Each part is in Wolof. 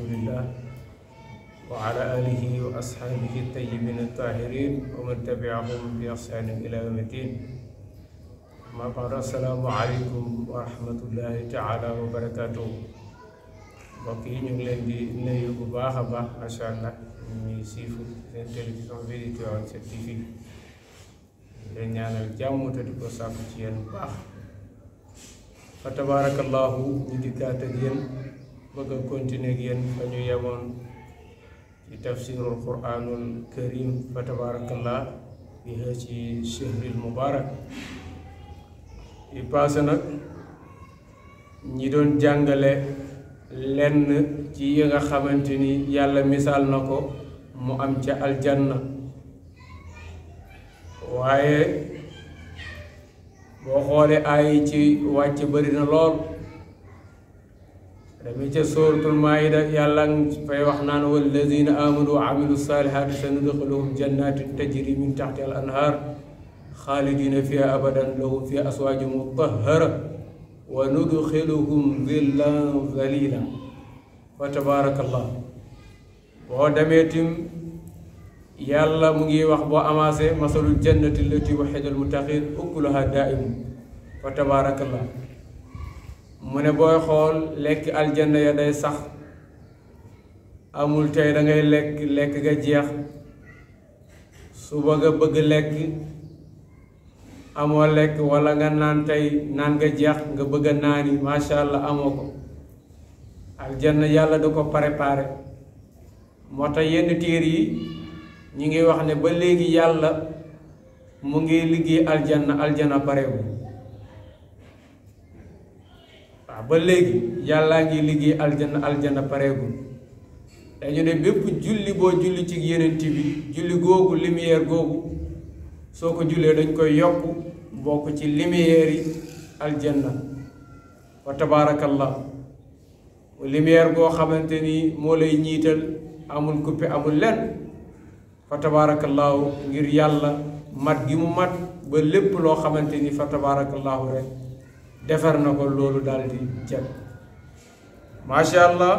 رسول الله وعلى آله وأصحابه الطيبين الطاهرين ومن تبعهم بإحسان إلى يوم الدين ما قال السلام عليكم ورحمة الله تعالى وبركاته بقي نقول دي نيو بباها با ما شاء الله ني سيفو سين تيليفون في دي تيون سي تي في دي نيانال جامو تا ديكو ساكو سي يين باخ فتبارك الله ني ديكات ديال bëgg a continuer ak fa ñu yemoon ci tafsirul quranul karim fa tabarakallah bi ci shahril mubarak yi paase nag ñi doon jàngale lenn ci yi nga xamante ni yàlla misaal na ko mu am ca aljanna waaye boo xoolee ay ci wàcc bari na lool رميت سورة المائدة يلا في وحنان والذين آمنوا وعملوا الصالحات سندخلهم جنات تجري من تحت الأنهار خالدين فيها أبدا له في أسواج مطهرة وندخلهم ظلا ظليلا فتبارك الله ودميتم يالا مجي وحبو أماسي مصر الجنة التي وحد المتقين أكلها دائم فتبارك الله mu ne booy xool lekk aljanna ya day sax amul tey dangay lekk lekk nga jeex suba nga bëgg lekk amoo lekk walla nga naan tey naan nga jeex nga bëgg a naani macha allah amoo ko aljanna yàlla da ko pare moo tax yenn téer yi ñu ngi wax ne ba léegi yàlla mu ngi liggéey aljanna aljanna parewu ba léegi yàllaa ngi liggéey aljana aljana pareegul dañu ne bépp julli boo julli ci yenent bi julli googu lumière googu soo ko jullee dañ koy yokk bokk ci lumière yi aljanna wa tabaarakallah goo xamante ni moo lay ñiital amul coupé amul lenn fa tabaarakallaahu ngir yàlla mat gi mu mat ba lépp loo xamante ni fa tabaarakallaahu rek defar na ko loolu daal di jag macha allah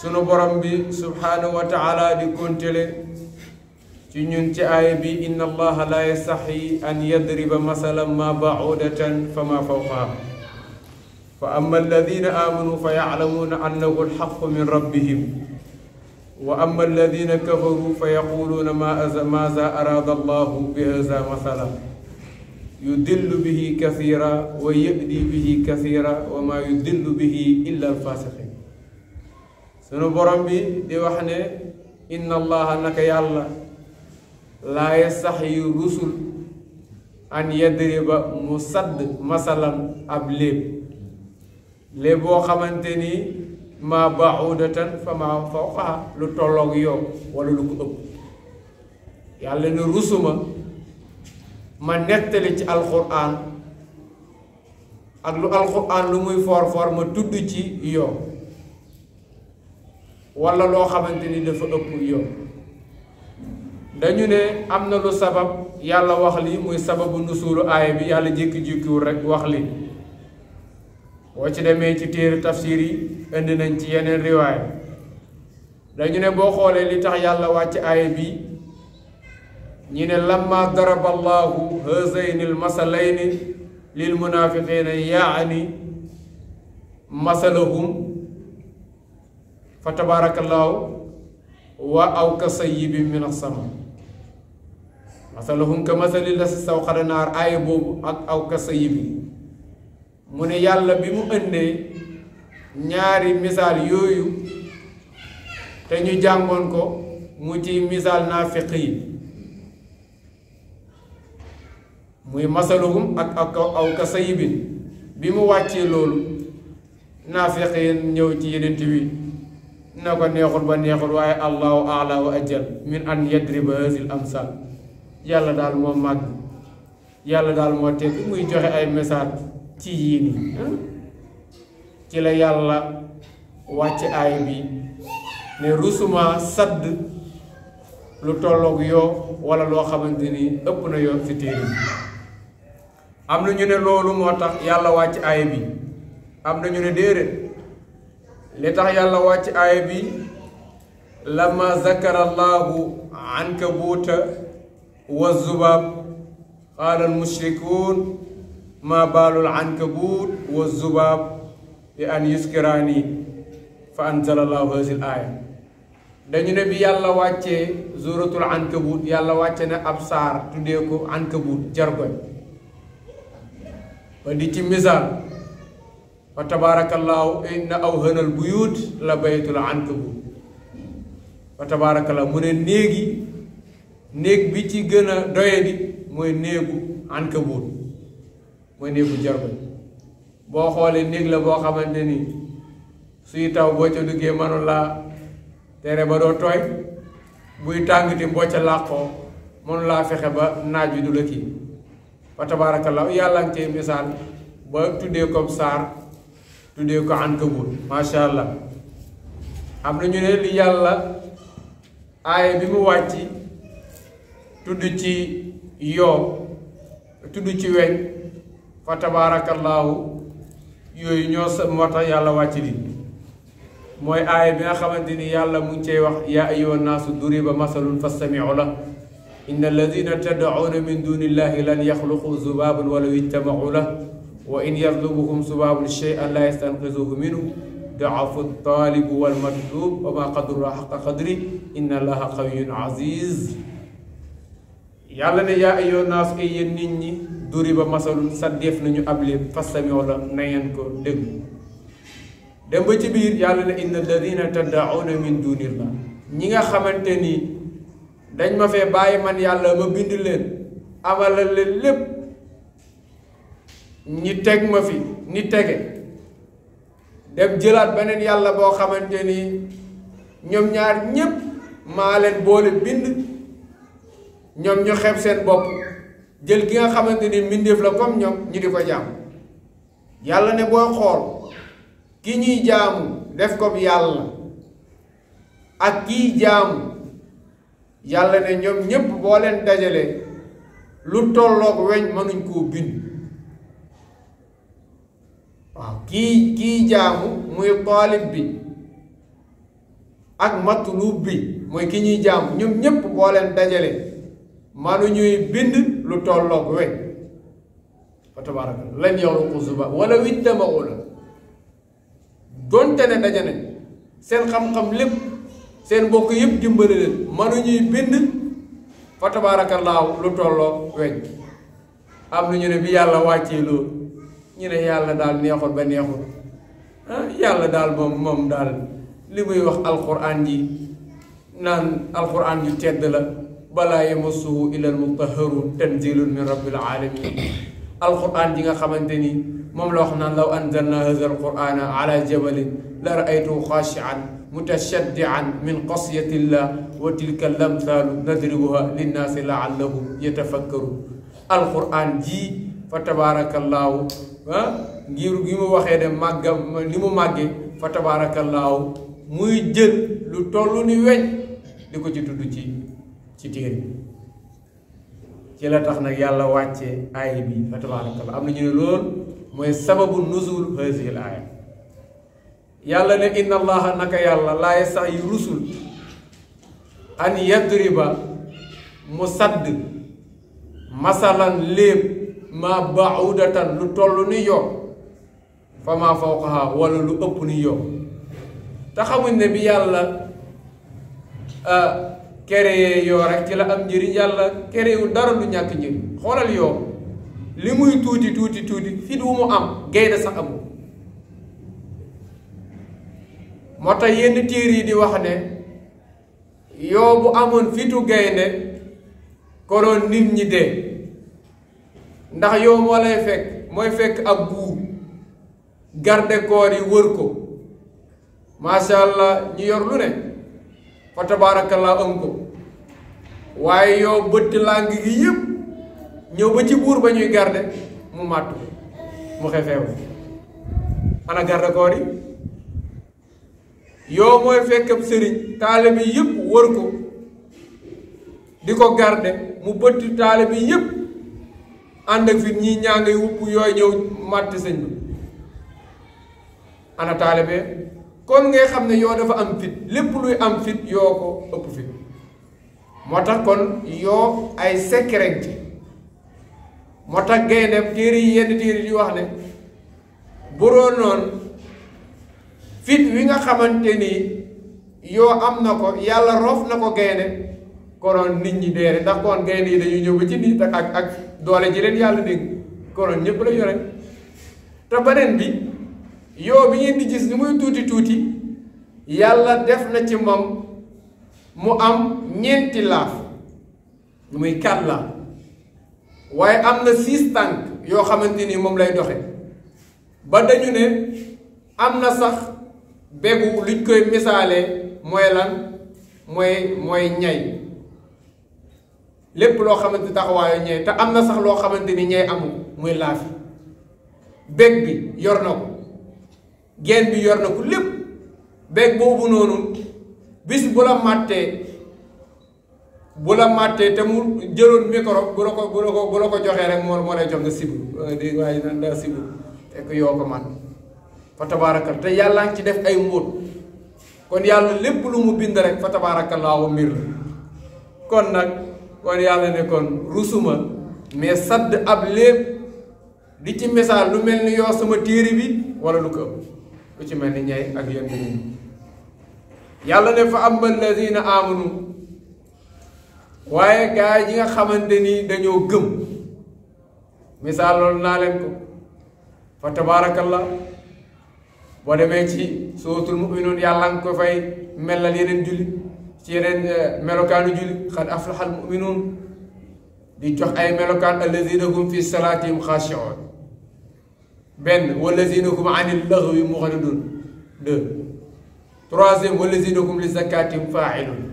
sunu borom bi subhanahu wa taala di kontele ci ñun ci aaya bi inna allaha la yastaxi an yadriba masalan ma bacudatan fama fawqaha fa amma alladina amanu fa yaclamuuna annahu alxaqu min rabbihim وأما الذين كفروا فيقولون ما ماذا أراد الله بهذا مثلا يدل به كثيرا ويأدي به كثيرا وما يدل به إلا الفاسقين سنو برم بي دي وحنا إن الله نك الله لا يستحي الرسل أن يدرب مصد مثلا أبليب لبو خمنتني ما بعودة فما فوقها لطلق يوم ولو لكتب يعني yalla ma nettali ci alxuraan ak lu alxuraan lu muy foor foor ma tudd ci yoo walla loo xamante ni dafa ëpp yoo dañu ne am na lu sabab yàlla wax li muy sababu nusulu aaya bi yàlla jékki-jékkiwul rekk wax li woo ci demee ci téere tafsir indi nañ ci yeneen riwaay dañu ne boo xoolee li tax yàlla wàcc aaya bi ñu ne lamma daraba allahu hazayni l masalayni lil munafiqina yaani masalahum fa tabarakallahu wa aw ka sayyibin min as-sama masalahum ka masali la si saw xada naar boobu ak aw ka sayyibi mu ne yàlla bi mu ëndee ñaari misaal yooyu te ñu jàngoon ko mu ci misaal naafiq muy masaluhum ak ak aw ka sayibin bi mu wàccee loolu naafeqeen ñëw ci yenent wi na ko neexul ba neexul waaye allahu ala wa ajal min an yadriba hasil amsal yàlla daal moo màgg yàlla daal moo teg bi muy joxe ay message ci yii nii ah. ci la yàlla wàcc aay bi ne rusuma sadd lu tolloog yoo wala loo xamante ni ëpp na yoon ci téere bi am na ñu ne loolu moo tax yàlla wàcc aaya bi am na ñu ne déedéet li tax yàlla wàcc aaya bi lama zakara allahu ankabuuta wa zubaab qaala almushrikuun ma baalul ankabuut wa zubaab bi an yuskiraani fa anzala allahu haasi aaya dañu ne bi yàlla wàccee suratul ankabuut yàlla wàcce ne ab saar tuddee ko ankabuut jargoñ indi ci misaal fa tabaarakallaahu inna awhanal buyuut la baytul ankabut fa la mu ne néegi néeg bi ci gën a doye di mooy néegu ankabut mooy néegu jargoñ boo xoolee néeg la boo xamante ni suy taw boo ca duggee mënu laa tere ba doo tooy buy tàng ti mboo ca làqoo mënu laa fexe ba naaj wi du la kii wa tabaarakallaahu yàlla ngi cay misaal ba tuddee ko saar tuddee ko ankabut macha allah am na ñu ne li yàlla aaya bi mu wàcc tudd ci yoo tudd ci weñ fa tabaarakallaahu yooyu ñoo sa moo tax yàlla wàcc li mooy aaya bi nga xamante ni yàlla mu ngi wax yaa ayyuhan naasu duriba masalun fastamiu la إن الذين تدعون من دون الله لن يخلقوا ذبابا ولو اجتمعوا له وإن يطلبهم ذباب شيئا لا يستنقذوه منه ضعف الطالب والمطلوب وما قدر الله حق قدره إن الله قوي عزيز yàlla ne yaa ayoo naas ay yéen nit ñi duri ba masalul sa def nañu ab léeb fastami wala na ngeen ko déglu dem ba ci biir yàlla ne inna alladina taddauna min dunillah ñi nga xamante ni dañ ma fee bàyyi man yàlla ma bind leen abalal leen lépp ñi teg ma fi ñi tege dem jëlaat beneen yàlla boo xamante ni ñoom ñaar ñépp maa leen boole bind ñoom ñu xem seen bopp jël ki nga xamante ni mbindeef la comme ñoom ñi di ko jaam yàlla ne booy xool ki ñuy jaamu def ko yàlla ak kiy jaamu yàlla ne ñoom ñépp boo leen dajalee lu tolloog weñ mënuñ koo bind waaw kii kii jaamu muy taalib bi ak matlub bi mooy ki ñuy jaamu ñoom ñépp boo leen dajalee mënuñuy bind lu tolloog weñ fa tabaraka lan yaruqu zuba wala wit dama la donte ne daja nañ seen xam-xam lépp seen mbokk yëpp dimbale leen mënuñuy bind fa tabaarakallaahu lu tolloo weñ am na ñu ne bi yàlla wàccee ñu ne yàlla daal neexul ba neexul ah, yàlla daal moom moom daal li muy wax alquran ji naan alquran ju tedd la balaa yamassuhu illal mutahharun tanzilun min rabbil alamin alquran ji nga xamante ni moom la wax naan law anzalna haza alqurana ala jabalin la raaytuhu xaashian mutashaddian min qasyatillah wa tilka lamthaalu nadribuha linnaasi laallahum yatafakkaru alquran jii fa tabaarakallaahu ngir gi mu waxee ne màgga li mu màggee fa tabaarakallaahu muy jël lu toll ni weñ di ko ci tudd ci ci téere ci la tax nag yàlla wàccee aaya bi fa tabaarakallaahu am na ñu ne loolu mooy sababu nuzul haazihil aaya Yalla ne inna allaha naka Yalla, laa yastahi rusul an yadriba mu masalan leb, ma baudatan lu toll ni yow fa ma fawqaha wala lu ëpp ni yo te xamuñ ne bi yàlla kereyee yoo rek ci la am njëriñ yàlla kerewul dara lu ñàkk njëriñ xoolal yow li muy tuuti tuuti tuuti fit mu am gaynde sax amul moo tax yenn tiir yi di wax ne yoo bu amoon fitu gaynde ko doon nit ñi dee ndax yow moo lay fekk mooy fekk ab guur garde koor yi wër ko macha allah ñu yor lu ne fa tabaracallah ëm ko waaye yow bëtt làng gi yëpp ñëw ba ci buur ba ñuy garde mu màtt mu xefeewu ana garde koor yi yoo mooy fekkam sëriñ taalibi yëpp wër ko di ko garde mu bëtti taalibi yëpp ànd ak fi ñi ñaanga yi wupp yooy ñëw matt sëñ bi ana taalibee kon ngay xam ne yoo dafa am fit lépp luy am fit yoo ko ëpp fit moo tax kon yoo ay secret moo tax gay ne téeri yenn téeri di wax ne buroo noonu fit wi nga xamante ni yoo am na ko yàlla roof na ko gaynde konoon nit ñi deere ndax koon gaynde yi dañuy ñëw ba ci nit ak ak doole ji leen yàlla dégg konoon ñëpp la yore te beneen bi yoo bi ngeen di gis ni muy tuuti tuuti yàlla def na ci moom mu am ñeenti laaf muy quatre laaf waaye am na six tànk yoo xamante ni moom lay doxe ba dañu ne am na sax bégu luñ koy misaalee mooy lan mooy mooy ñay lépp loo xamante taxawaayu ñay te am na sax loo xamante ni ñay amul muy laafi bég bi yor na ko geen bi yor na ko lépp bég boobu noonu bis bu la màttee bu la màttee te mu jëloon micro bu la ko bu la ko bu la ko joxee rek moo moo lay jox nga sibu di waaye nan sibu te yow ko man fa tabaarakal te yàlla ngi ci def ay mbóot kon yàlla lépp lu mu bind rek fa tabaarakallaahu mbir la kon nag kon yàlla ne kon rusuma mais sadd ab lépp di ci misaal lu mel ni yoo sama téere bi wala lu ko ëpp lu ci mel ni ñay ak yéen yàlla ne fa am allazina amanu waaye gaa yi nga xamante ni dañoo gëm misaal loolu naa leen ko fa tabaarakallaahu ولماتي صوت المؤمنون يعلم كفاي ملالين جل سيرين ملوكان جل قد افلح المؤمنون بجوح اي ملوكان الذين هم في الصلاة خاشعون بن والذين هم عن اللغو مغردون دو ترازم والذين هم لزكاة فاعلون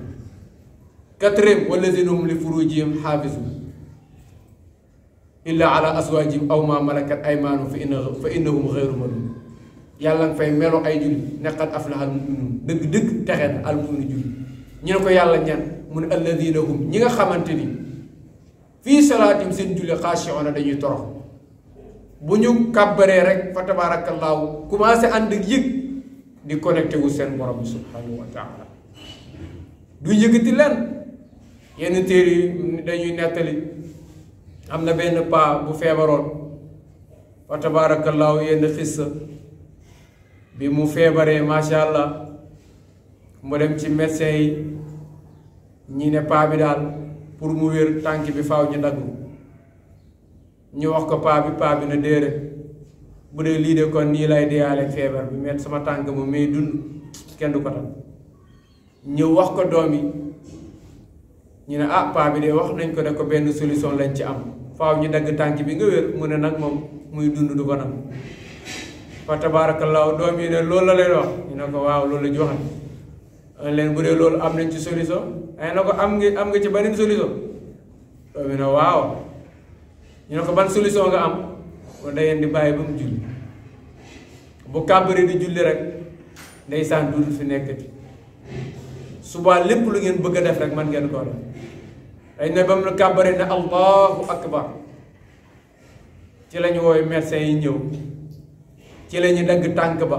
كترم والذين هم لفروجهم حافظون إلا على أزواجهم أو ما ملكت أيمانهم فإنه فإنهم غير ملوك yàlla nga fay melo ay jullit ne qad aflaha almuminuun dëgg dëgg texe na almuminuun jullit ñu ne ko yàlla ñan mu ne alladina hum ñi nga xamante ni fii salaatim seen julli xaashi'uuna dañuy torox bu ñu kàbbaree rek fa tabaarakallaahu commencé ànd ak yëg di connecté wu seen borom bi subhaanahu wa taala du yëgati leen yenn téere dañuy nettali am na benn paa bu feebaroon fa tabaarakallaahu yenn xissa bi mu feebaree macha allah mu dem ci médecin yi ñi ne paa bi daal pour mu wér tànk bi faaw ñu daggu ñu wax ko paa bi paa bi na déere bu dee lii de kon nii lay deyaale feebar bi met sama tànk mu may dund kenn du ko tam ñu wax ko doom yi ñu ne ah paa bi de wax nañ ko ne ko benn solution lañ ci am faw ñu dagg tànk bi nga wér mu ne nag moom muy dund du ko nag fa tabarakallahu do mi ne loolu la leen wax ñu ne ko waaw loolu la joxan len bu lol am nañ ci solution ay na ko am nga am nga ci beneen solution doom yi ne waaw ñu ne ban solution nga am mu dayeen di bàyyi ba mu julli bu kàbbari di julli rek ndeysaan dul fi nekkati subaa lépp lu ngeen bëgg a def rek man ngeen koo def dañ ne ba mu kàbbari ne allahu akbar ci lañu wooyu médecin yi ñëw ci la dagg tànk ba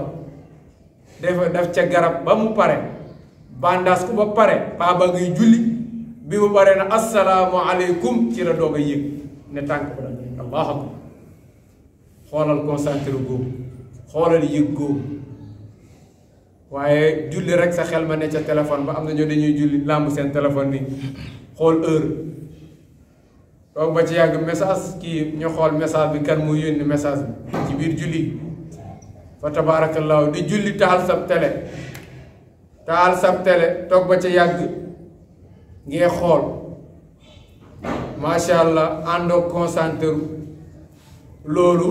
def daf ca garab ba mu pare bandaas ku ba pare baaba ngay julli bi mu pare na assalaamu aleykum ci la doog a yëg ne tànk ba dagg allahu akbar xoolal concentré góob xoolal yëg góob waaye julli rek sa xel ma ne ca téléphone ba am na ñoo dañuy julli làmb seen téléphone ni xool heure toog ba ci yàgg message kii ñu xool message bi kan mu yónni message bi ci biir julli فتبارك الله دي جولي تال ساب تيلي تال ساب تيلي توك با تي ياغ غي خول ما شاء الله اندو كونسانتر لولو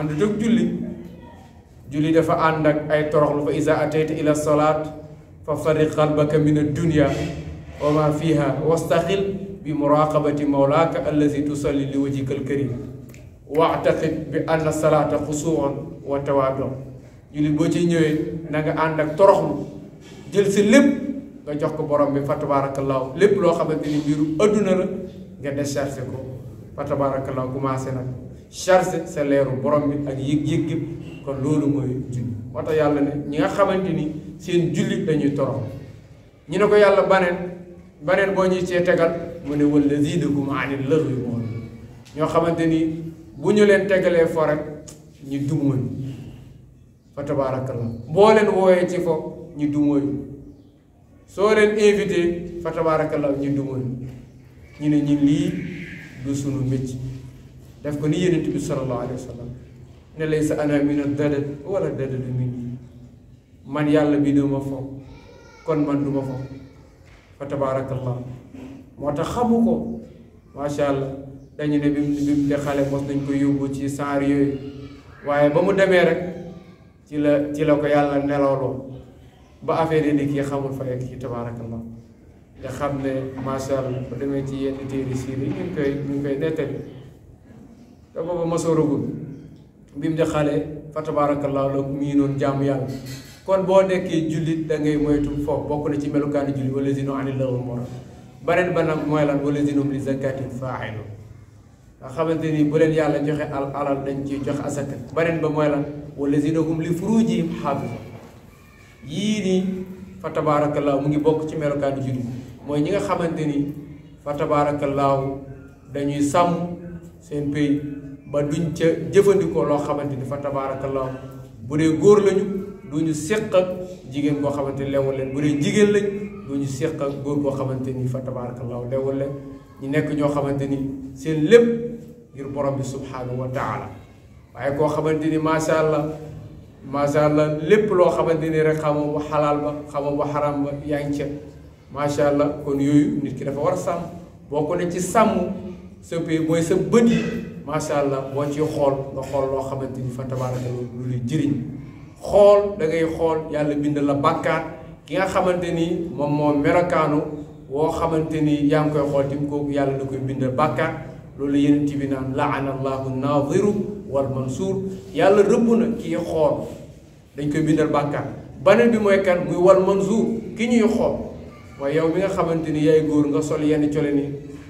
اندو توك جولي جولي دافا اندك اي تروخلو فاذا اتيت الى الصلاه ففرق قلبك من الدنيا وما فيها واستغل بمراقبة مولاك الذي تصلي لوجهك الكريم واعتقد بأن الصلاة خشوع wa tawaadoo jullit boo ci ñëwee nanga ànd ak toroxlu jël si lépp nga jox ko borom bi fa tabaarakallaahu lépp loo xamante ni mbiru adduna la nga déchargé ko fa tabaarakallaahu commencé nag chargé sa leeru borom bi ak yëg-yëg gi kon loolu mooy julli moo yàlla ne ñi nga xamante ni seen jullit lañuy toroxlu ñu ne ko yàlla baneen baneen boo ñuy cee tegal mu ne wala ziidakum anil lëgwi ñoo xamante ni bu ñu leen tegalee fo rek ñu dumóoñ fa tabaarakallah boo leen wooyee ci fo ñu dumóoñ soo leen invité fa tabaarakallah ñu dumóoñ ñu ne ñi lii du sunu mécc daf ko ni yonent bi sallallahu alayhi wa sallam ne laysa ana min ad-dadad wala dadadu man yàlla bi ma fo kon man duma fo fa tabaarakallah moo tax xamu ko macha allah dañu ne bi mu de xale mos nañ ko yóbbu ci saar yooyu waaye ba mu demee rek ci la ci la ko yàlla nelawloo ba affaire yi di kii xamul fa ak kii tabaarakallah nga xam ne macha allah ba demee ci yenn téere siir yi ñu ngi koy ñu ngi koy nettali te booba masooragul bi mu di xale fa tabaarakallah la miinoon jàmm yàlla kon boo nekkee jullit da ngay moytu foofu bokk na ci melukaani jullit wala zino anil lawul moral beneen ba nag mooy lan wala zinom li zakatin faaxilu nga xamante ni bu leen yàlla joxe al alal dañ ciy jox asaka beneen ba mooy lan wallazina hum li furujihim xaafiza yii nii fa tabaarakallaahu mu ngi bokk ci melokaanu jullit mooy ñi nga xamante ni fa law dañuy sàmm seen pays ba duñ ca jëfandikoo loo xamante ni fa tabaarakallaahu bu dee góor lañu du ñu séq jigéen boo xamante ni leewul leen bu dee jigéen lañ du ñu séq góor boo xamante ni fa tabaarakallaahu leewul leen ñu nekk ñoo xamante ni seen lépp ngir borom bi subhanahu wa taala waaye koo xamante ni macha allah macha allah lépp loo xamante ni rek xamoo bu xalaal ba xamoo bu xaram ba yaa ngi ca allah kon yooyu nit ki dafa war a sàmm boo ko ne ci sàmm sa pay mooy sa bët yi macha allah boo ci xool nga xool loo xamante ni fa tabaaraka lu luy jëriñ xool da xool yàlla bind la bàkkaat ki nga xamante ni moom moo melokaanu. woo xamante ni yaa ngi koy xool tim kooku yàlla da koy bindal bàkkaar loolu yenent bi naan laana allahu naadiru wal mansuur yàlla rëbb na kii xool dañ koy bindal bàkkaar beneen bi mooy kan muy wal mansuur ki ñuy xool waaye yow mi nga xamante ni yaay góor nga sol yenn cole ni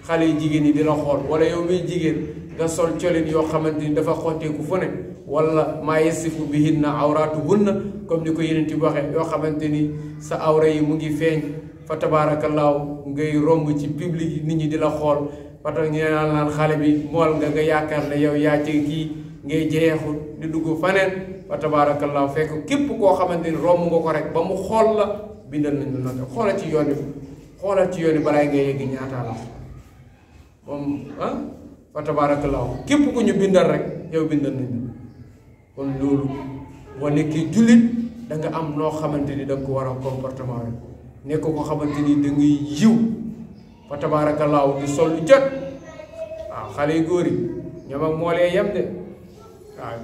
xale yi jigéen yi dina xool wala yow miy jigéen nga sol colin yoo xamante ni dafa xotteeku fu ne wala maa yasifu bihinna awraatuhunna comme ni ko yenent bi waxee yoo xamante ni sa awra yi mu ngi feeñ fa kalau ngay romb ci public nit ñi di la xool fa tax ñu naan naan xale bi mool nga nga yaakaar ne yow yaa ci kii ngay jeexu di dugg fanen fa tabarakallahu fekk képp koo xamante ni romb nga ko rek ba mu xool la bindal nañ la note xoolal ci yoon xoolal ci yoon balaay ngay yegg ñaata la ah fa tabarakallahu képp ku ñu bindal rek yow bindal nañ kon loolu boo ki julit da nga am noo xamante da ko war comportement nekk ko xamante ni da ngay yiw fa tabaarakallaahu di sol lu jot waaw xale yu góor yi ñoom ak yem de waaw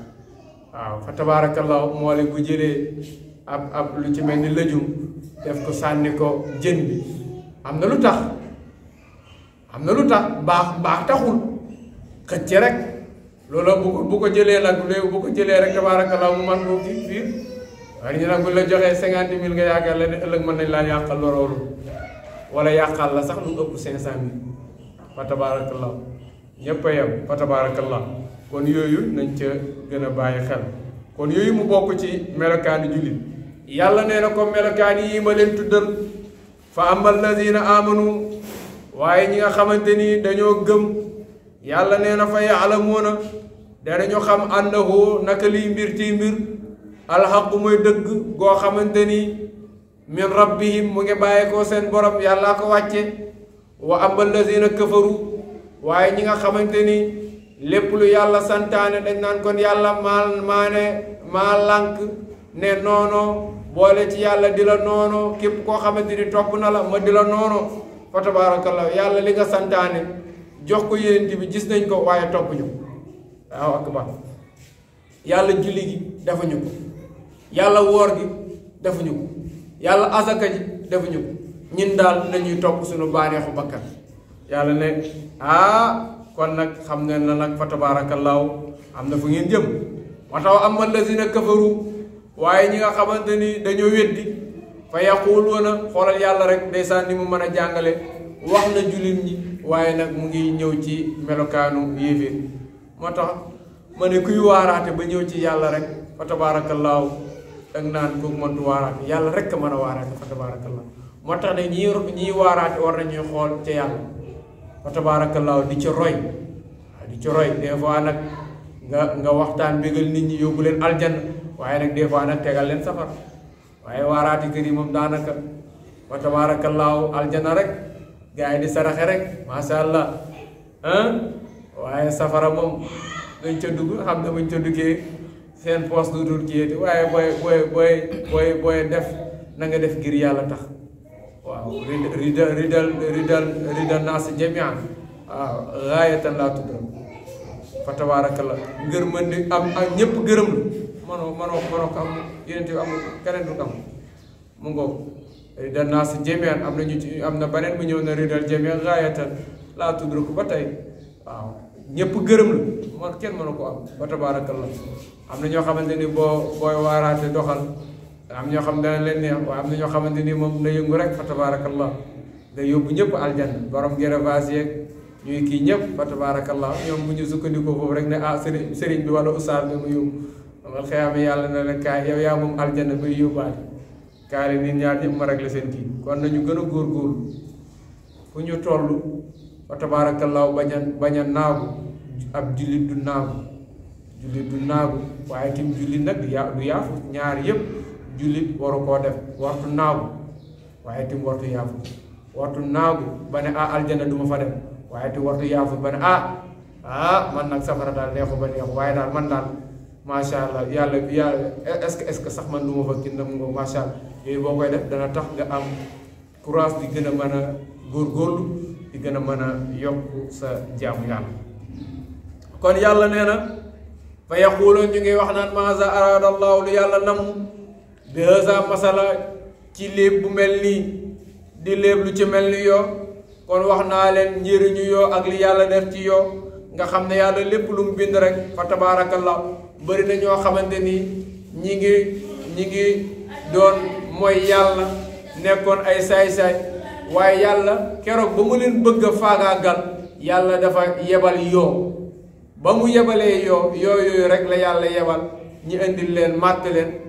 waaw fa tabaarakallaahu moo lee bu jëlee ab lu ci mel ni lëjum def ko sànni ko jën bi am na lu tax am na lu tax baax baax taxul xëcc rek loolu bu ko bu ko jëlee nag bu ko jëlee rek tabaarakallaahu mu man ko fii fiir waaye ñu nag buñ la joxee cinquante mille la yàqal loolu wala yàqal la sax lu ëpp cinq cent mille fa tabaarakallah ñëpp a yem fa tabaarakallah kon yooyu nañ ca gën a bàyyi xel kon yooyu mu bokk ci melokaani jullit yàlla nee na ko melokaani yii ma leen tuddal fa amal lazina amanu waaye ñi nga xamante ni dañoo gëm yàlla nee na fa yaalamuuna danañu xam ànnahu naka liy mbir ci mbir alxaqu mooy dëgg goo xamante ni bi rabbihim mu ngi bàyyeekoo seen borom yàllaa ko wàcce wa ambal lazina këfaru waaye ñi nga xamante ni lépp lu yàlla santaane dañ naan kon yàlla maa maa ne maa lànk ne noono boole ci yàlla di la noonoo képp koo xamante ni topp na la ma di la noono fa tabaarakallah yàlla li nga santaane jox ko yénent bi gis nañ ko waaye topp ñu waaw akbar yàlla julli gi dafa ñu yàlla woor gi defuñu ko yàlla asaka ji defuñu ko ñun daal dañuy topp suñu baaneexu bakkan yàlla ne ah kon nag xam ngeen na nag fa tabaarakallaahu am na fu ngeen jëm wa am allazina kafaru waaye ñi nga xamante ni dañoo weddi fa yaquluuna yàlla rek ndeysaan ni mu mën a jàngale wax na jullit waaye nag mu ngi ñëw ci melokaanu yéeféer tax ma ne kuy waaraate ba ñëw ci yàlla rek fa tabaarakallaahu danga naan kooku mëntu waaraate yàlla rek a mën a waaraate fa tabaarakallaa moo tax ne ñi ñiy waaraate war nañuy xool ca yàlla fa tabaarakallaa di ci roy di ci roy des fois nag nga nga waxtaan bégal nit ñi yóbbu leen aljanna waaye nag des fois nag tegal leen safar waaye waaraate kër yi moom daanaka fa tabaarakallaa aljanna rek gars yi di saraxe rek macha allah waaye safara moom dañ ca dugg xam ne buñ ca duggee seen poos dootul kiyéeti waaye booy booy booy booy booy def na nga def ngir yàlla tax waaw rida ridal ridal ridal naas jamian waaw gaayatan laa tuddal fa gërëm manoo manoo manoo am yeneen bi amul keneen du am mu ngoog ridal naas jamian am na ñu am na beneen bu ñëw na ridal jamian gaayatan laa tuddal ko ba tey waaw ñëpp gërëm la man kenn mënu ko am ba tabaarakallah am na ñoo xamante ni boo booy waaraate doxal am ñoo xam dana leen neex waaye am na ñoo xamante ni moom da yëngu rek fa tabaarakallah day yóbbu ñëpp aljanna borom gërëvaas yeeg ñuy kii ñëpp fa tabaarakallah ñoom bu sukkandikoo foofu rek ne ah sëriñ sëriñ bi wala ustaas bi mu yóbbu amal xëyaame yàlla na la kaay yow yaa moom aljanna bay yóbbaale kaay nit ñaar ñëpp ma rek la seen kii kon nañu gën a góorgóorlu fu ñu toll fa tabaarakallaahu bañ a a naagu ab jullit du naagu jullit du naagu waaye tim jullit nag du yaafus ñaar yëpp jullit waru koo def wartu naagu waaye tim wartu yaafus ba ne ah aljana du ma fa waaye tim wartu yaafus ba ne ah ah man nag safara daal neexu ba neexu waaye daal man daal macha allah yàlla yàlla est-ce que est-ce que sax man du ma fa kindam nga macha allah yooyu boo koy def dana tax nga am courage di gën a mën a di gën a mën a yokk sa jaamu yàlla kon yàlla nee na fa yaquuloon ñu ngi wax naan maasa araada allahu lu yàlla namm bi hasa masala ci léeb bu mel nii di léeb lu ci mel ni yoo kon wax naa leen njëriñu yoo ak li yàlla def ci yoo nga xam ne yàlla lépp lu mu bind rek fa tabaarakallah bëri na ñoo xamante ni ñi ngi doon mooy yàlla nekkoon ay saay-saay waaye yàlla keroog ba mu leen bëgg a faagaagal yàlla dafa yebal yoo ba mu yebalee yoo yooyu rek la yàlla yebal ñi indil leen màtt leen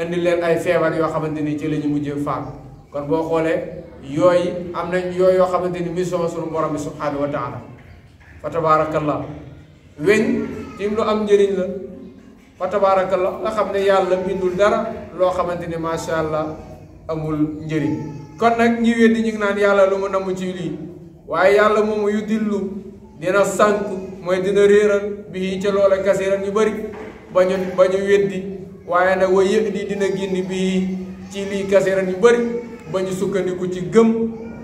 indil leen ay feebar yoo xamante ni ci la ñu mujjee faag kon boo xoolee yooyu am nañ yooyu yoo xamante ni mission suñu borom bi subhaanahu wa taala fa tabaarakallah weñ tim lu am njëriñ la fa la nga xam ne yàlla bindul dara loo xamante ni macha allah amul njëriñ kon nag ñi weddi ñu ngi naan yàlla lu mu namm ci lii waaye yàlla moomu yu dillu dina sànq mooy dina réeral bii ca loola kasiran ñu bëri ba ñu weddi waaye nag wa yëg dina génn bii ci lii kasiran ñu bëri ba ñu sukkandiku ci gëm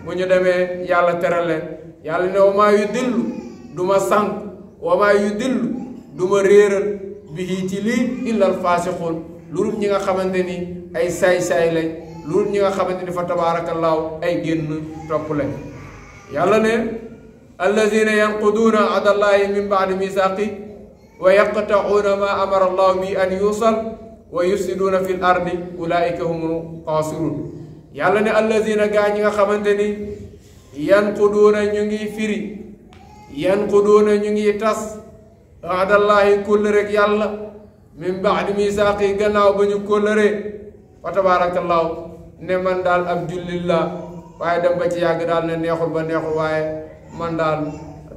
bu ñu demee yàlla teral leen yàlla ne wamaa yu dillu du ma sànq wamaa yu dillu du ma réeral bii ci lii illal faasixuun lu dul ñi nga xamante ni ay saay lañ loolu ñi nga xamante ni fa tabaarakallaahu ay génn topp lañ yàlla ne allazina yanquduuna ahdallahi min baadi misaaqi wa yaqta'uuna ma amara bi an yusal wa yufsiduuna fi ardi ulaika humu xaasiruun yàlla ne allazina gaa ñi nga xamante ni yanquduuna ñu ngi firi yanquduuna ñu ngi tas ahdallahi kóllëre yàlla min baadi misaaqi gannaaw ba ñu kóllëree fa tabaarakallaahu ne man daal am jullit la waaye dem ba ci yàgg daal ne neexul ba neexul waaye man daal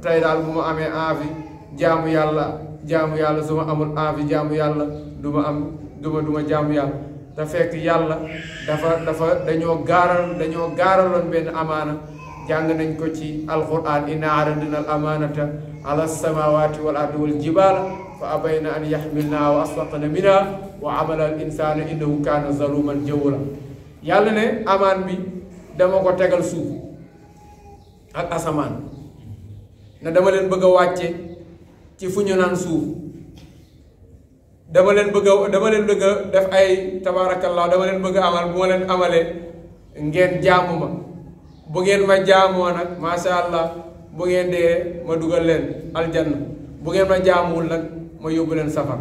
tey daal bu mu amee envie jaamu yàlla jaamu yàlla su ma amul envie jaamu yàlla du am du ma du ma te fekk yàlla dafa dafa dañoo gaaral dañoo gaaraloon benn amaana jàng nañ ko ci alquran inna aradna al amaanata ala samawati wal ardi wal jibaala fa abayna an yaxmilna wa asfaqna minha wa amala al insana innahu kaana zaluman jawula yàlla ne amaan bi dama ko tegal suuf ak asamaan na dama leen bëgg a wàcce ci fu ñu naan suuf dama leen bëgg a dama leen bëgg a def ay tabaarakallaa dama leen bëgg a amal bu ma leen amalee ngeen jaamu ma bu ngeen ma jaamoo nag macha allah bu ngeen dee ma dugal leen aljanna bu ngeen ma jaamuwul nag ma yóbbu leen safar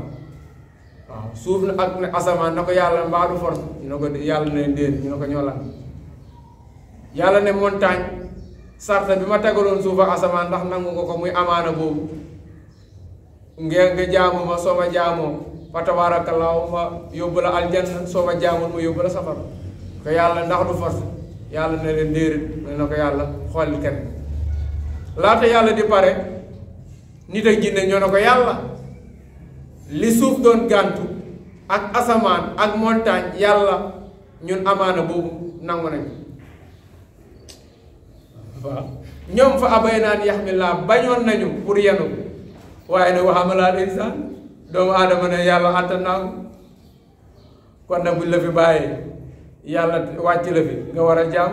suuf na ak ne asamaan na ko yàlla mbaa du force ñu ne ko yàlla ne déet ñu ne ko yàlla ne montagne bi ma tegaloon suuf asamaan ndax nangu ko muy amaana boobu ngeen nga jaamu jaamoo fa tabaarakallaahu ma ma jaamoon ma yóbbu la ndax du force yàlla ne ko yàlla xool kenn laata yàlla di pare nit ak jinne ñoo ne ko yàlla li suuf doon gàntu ak asamaan ak montagne yàlla ñun amaana boobu nangu nañu waaw ñoom fa abay naan yax mi laa bañoon nañu pour yenu waaye ne waxamalaat insaan doomu aadama ne yàlla àttan kon nag buñ la fi bàyyee yàlla wàcc la fi nga war a jaam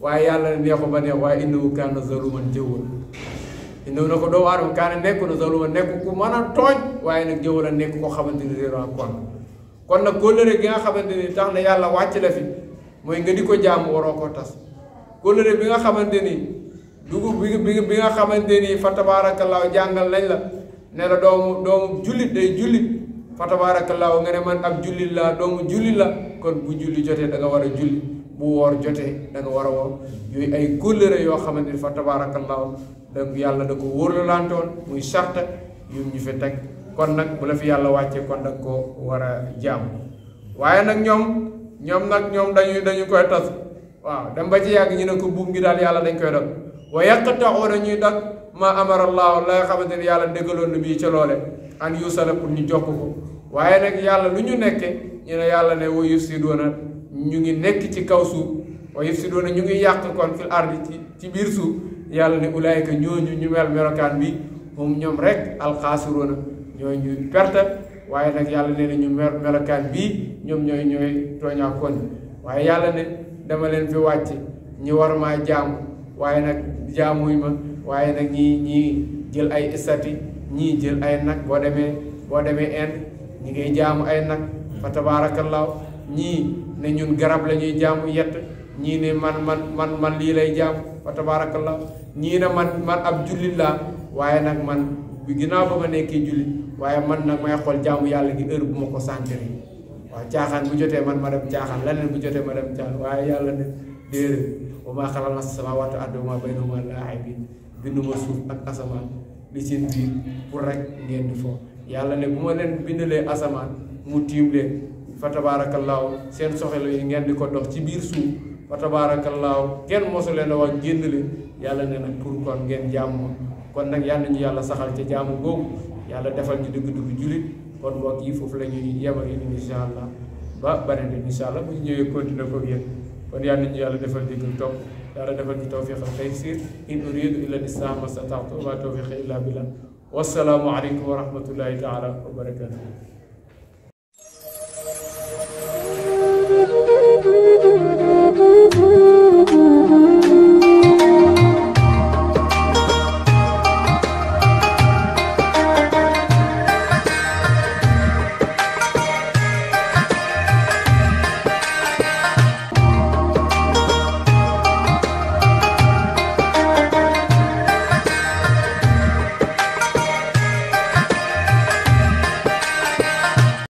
waaye yàlla neexu ba neex waaye indiwu kànn zaluman jëwoon indoona ko doomu aadama kaana nekk na zaluman nekk ku mën a tooñ waaye nag jëwal a nekk koo xamante ni réer kon kon nag kóllëre gi nga xamante ni tax na yàlla wàcc la fi mooy nga di ko jaamu waroo koo tas kóllëre bi nga xamante ni dugub bi bi nga xamante ni fa tabaarakallaahu jàngal nañ la ne la doomu doomu jullit day jullit fa tabaarakallaahu nga ne man ab jullit la doomu jullit la kon bu julli jotee da war a julli bu woor jotee da war a woor yooyu ay kóllëre yoo xamante ni fa tabaarakallaahu donc yàlla da ko wóorlalantoon muy sarta yum ñu fi teg kon nag bu la fi yàlla wàccee kon da nga ko war a jàmm waaye nag ñoom ñoom nag ñoom dañuy dañu koy tas waaw dem ba ci yàgg ñu ne ko buum gi daal yàlla dañ koy dog wa yaqta'uuna ñuy dog maa amara llaahu la nga xamante ni yàlla dëggaloon na bii ca loole an yusala pour ñu jokk ko waaye nag yàlla lu ñu nekke ñu ne yàlla ne wa yufsiduuna ñu ngi nekk ci kaw suuf wa yufsiduuna ñu ngi yàq kon fil ardi ci ci biir suuf yàlla ne ulaayka ñooñu ñu mel melokaan bi moom ñoom rek alxaasiruuna ñooy ñu perte waaye nag yàlla nee na ñu mel melokaan bi ñoom ñooy ñooy tooñaakoon waaye yàlla ne dama leen fi wàcc ñi war maa jaamu waaye nag jaamuy ma waaye nag ñii ñi jël ay istati ñii jël ay nag boo demee boo demee Inde ñi ngay jaamu ay nag fa tabaarakallaahu ñii ne ñun garab la ñuy jaamu yett ñii ne man man man man lii lay jaamu fa tabaarakallah ñii ne man man ab jullit laa waaye nag man bi ginnaaw ba a nekkee jullit waaye man nag may xool jaamu yàlla gi heure bu ma ko sentir waaw caaxaan bu jotee man ma dem caaxaan leneen bu jotee ma dem caaxaan waaye yàlla ne déedéet wa maa xalaqna samaawaati wal arda wa maa baynahumaa laa'ibiin binduma suuf ak asamaan li seen biir pour rek ngeen di foofu yàlla ne bu ma leen bindalee asamaan mu tiim leen fa tabaarakallaaw seen soxla yi ngeen di ko dox ci biir suuf fa tabaarakallaaw kenn mosu leen a wax génn leen yàlla ne nag pour kon ngeen jaamu kon nag yàlla ñu yàlla saxal ca jaamu googu yàlla defal ñu dëgg-dëgg jullit kon mbokk yi foofu la ñuy yem ak yéen incha allah ba bare de incha allah bu ñu ñëwee continuer ko yéen kon yàlla ñu yàlla defal dégg topp yàlla defal ñu tawfiq ak taysir in uridu illa l-islaaha ma stata'tu wa ma tawfiqi illa billah wassalaamu aleykum